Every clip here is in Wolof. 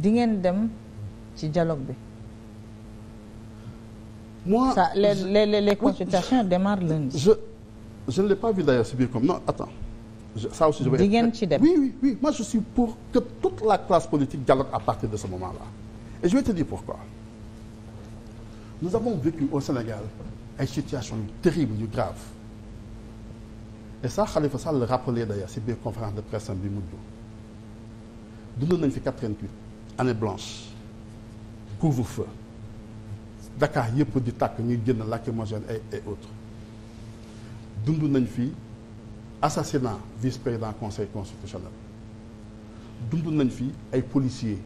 di ngeen dem ci dialogue bi. moi ça les les les, les consultations oui, démarrent lundi. je je ne l'ai pas vu d'ailleurs si bien comme non attends je, ça aussi je vais. di ngeen ci dem oui oui pour que tout la classe politique dialogue à partir de ce moment-là et je vais te dire pourquoi. nous avons vécu au Sénégal ay situation yu terrible yu grave et ça Khalifa Sall le rappelait d'ailleurs si biir de presse bi mujj. dund nañ fi 88 année blanche couvre-feu Dakar yëpp di takk ñuy jënd lacrymogène et ay autres dund nañ fi assassinat vice-président conseil constitutionnel dundu nañ fi ay policiers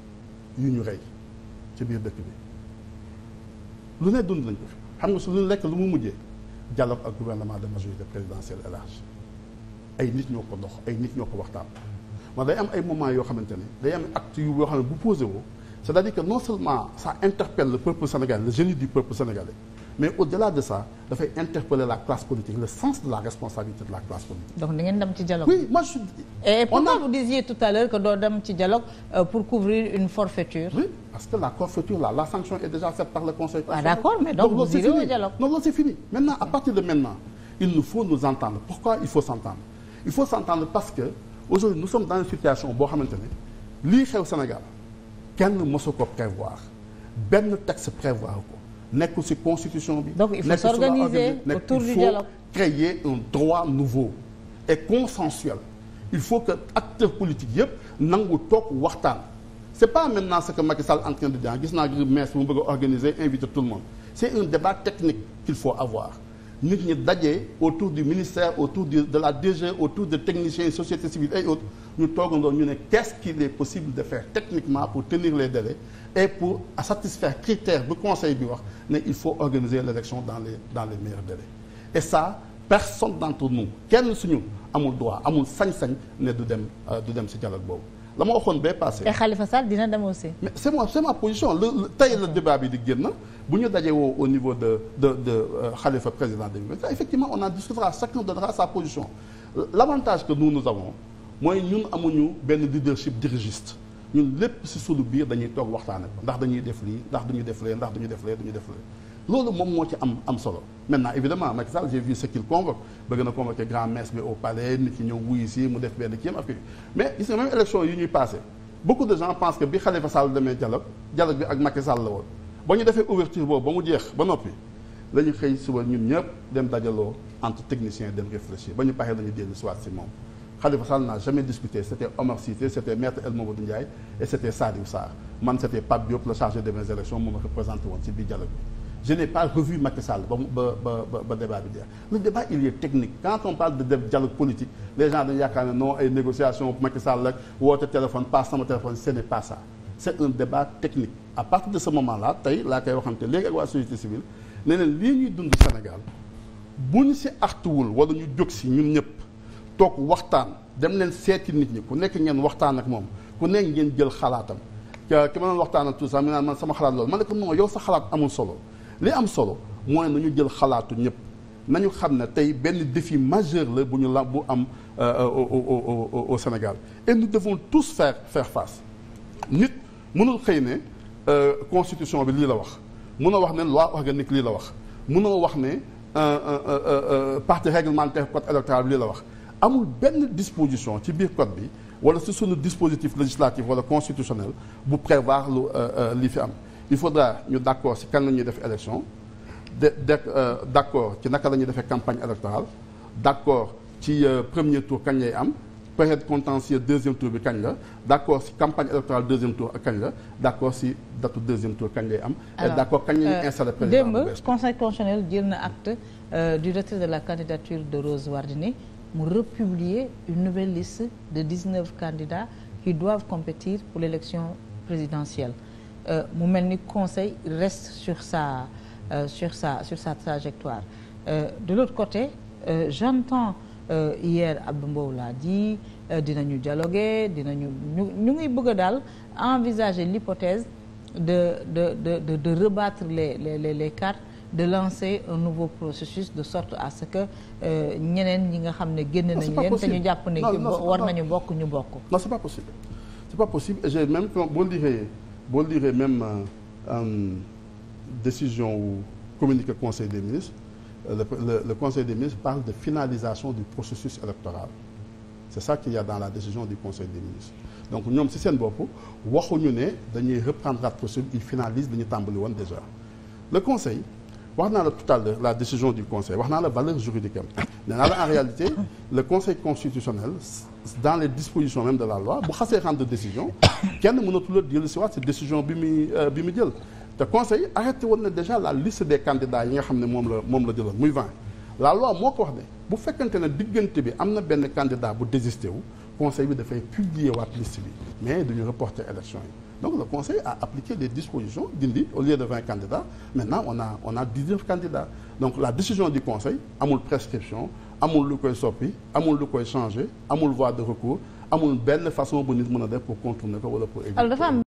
yu ñu rey ci biir dëkk bi lu nee dund nañ ko fi xam nga su lu lekk lu mu mujjee dialogue ak gouvernement de majorité présidentielle élargie ay nit ñoo ko ndox ay nit ñoo ko waxtaan man day am ay moments yoo xamante ne day am acte yoo xam ne bu woo c'est-à-dire que non seulement ça interpelle le peuple sénégalais le génie du peuple sénégalais mais au-delà de ça dafay interpeller la classe politique le sens de la responsabilité de la classe politique. donc da ngeen dem ci dialogue. Euh, pour couvrir une forfaiture. parce que la forfaiture là la sanction est déjà faite par le conseil. ah d'accord mais donc vous irez que. aujourd'hui nous sommes dans une situation boo xamante ne lii xew Sénégal kenn mosu ko prévoir benn texte prévoir ko nekkul si constitution bi. donc il faut s'organiser autour du dialogue il faut créer un droit nouveau et consensuel il faut que acteurs politiques yëpp nangu toog waxtaan. c' est pas maintenant ce que Macky Sall de dire gis naa gis naa messe bu mu bëgg a organiser inviter tout le monde c' un débat technique qu'il faut avoir. nit ñi dajee autour du ministère autour du de la DG autour de techniciens société civile et autres ñu toogandoo ñu ne qu'est-ce qu'il est possible de faire techniquement pour tenir les délais et pour satisfaire critères bu conseil bi wax ne il faut organiser l'élection dans les dans les meilleurs délais et ça personne d'entre nous kenn suñu amul droit amul sañ-sañ ne du dem euh, du dem si dialogue boobu la ma waxoon bee passé. te Khalifa Sall dina dem aussi. mais c' est moi c' position le tey la débat bi di génn bu ñu dajee woo au niveau de de xalifa euh, Khalifa président de l'université effectivement on en discutera chacun donnera sa position l' avantage que nous nous avons mooy ñun amuñu benn leadership dirigiste ñun lépp si sunu biir dañuy toog waxtaane ko ndax dañuy def lii ndax duñu def lee ndax duñu def lee duñu def lee loolu moom moo ci am am solo maintenant évidemment Macky Sall j'ai vu ce qu'il convoque bëgg na convoquer grand messe bi au nit ñi ñëw mu def benn kii am affaire mais gis nga même élection yi ñuy passé beaucoup de gens pensent que bi Khalifa Sall demee dialogue dialogue bi ak Macky Sall la woon ba ñu defee ouverture boobu ba mu jeex ba noppi la ñu suba ñun ñëpp dem dajaloo entre techniciens dem réfléchir ba ñu paree la ñu dellu si waat si moom Khalifa Sall jamais je n'ai pas revu Macky Sall ba ba ba ba débat bi jeex le débat il est technique quand on parle de dialogue politique les gens dañu yaakaar ne non ay négociation Macky Sall rek woote téléphone passe sama téléphone ce n'est pas ça c'est un débat technique à parti de ce moment là tey laa koy waxante léegi ak waa société civile ne leen lii ñuy dund Sénégal bu ñu si artuwul walla ñu jóg si ñun ñëpp toog waxtaan dem leen seeti nit ñi ku nekk ngeen waxtaan ak moom ku nekk ngeen jël xalaatam ki ma doon waxtaan ak tout ça mi sama xalaat loolu man ne ko non yow sa xalaat amul solo li am solo mooy nañu jël xalaatu ñëpp nañu xam ne tey benn défi majeur la bu ñu la bu am euh, euh, au Sénégal et nous devons tous faire faire face nit mënul xëy ne euh, constitution bi lii la wax mun a wax ne loi organique lii la wax munoo wax ne partie réglementaire code électoral bi lii la wax amul benn disposition ci biir code bi wala ci sunu dispositif législatif wala constitutionnel bu prévoir lu lii fi am il faudra ñu d' accord si kan la ñuy def élection de d' euh, accord ci naka la ñuy defee campagne électorale d' accord ci euh, premier tour kañ lay am période contentieux deuxième tour bi kañ la d' accord si campagne électorale deuxième tour kañ la d' accord si datu deuxième tour kañ lay am. et d' accord kañ la ñuy euh, installé président démb conseil constitutionnel jël na acte du retrait de la candidature de Rose Wardini mu republier une nouvelle liste de dix neuf candidats qui doivent compétir pour l' élection Euh, mu mel ni conseil reste sur sa euh, sur sa sur sa trajectoire euh, de l'autre côté j'entends hier Abdou Mbow l'a dit dinañu dialoguer dina ñu ñu ngi bëgg a daal envisager l'hypothèse de de de de de rebattre les les les les cartes de lancer un nouveau processus de sorte à ce que ñeneen ñi nga xam ne génn nañu leen te ñu jàpp ne war nañu bokk ñu bokk. non c'est pas possible c'est pas possible et j'ai même boo liggéeyee boo lire même euh, décision ou communiqué conseil des ministres euh, le, le, le conseil des parle de finalisation du processus électoral c'est ça qu'il y a dans la décision du conseil des ministres donc ñoom si seen bopp waxuñu ne dañuy reprendre la procédure ils finalisent dañu tàmbali woon déjà le conseil wax naa la tout à la décision du conseil wax naa la valeur juridique am nee naa la en réalité le conseil constitutionnel dans les dispositions même de la loi bu xasee rendre décision kenn mënatul a jël si waat si décision bi muy euh, bi mu jël te conseil arrêté woon na déjà la liste des candidats yi nga xam ne moom la moom la jëloon muy 20 la loi moo ko wax ne bu fekkante ne diggante bi am na benn candidat bu désisté wu conseil bi dafay publier waat liste bi mais duñu reporter élection yi donc le conseil a appliqué des dispositions dindi au lieu de vingt candidats maintenant on a on a dix-neuf donc la décision du conseil amul prescription amul lu koy soppi amul lu koy changer amul voie de recours amul benn façon bu nit mën a def pour contourner ko wala pour éviter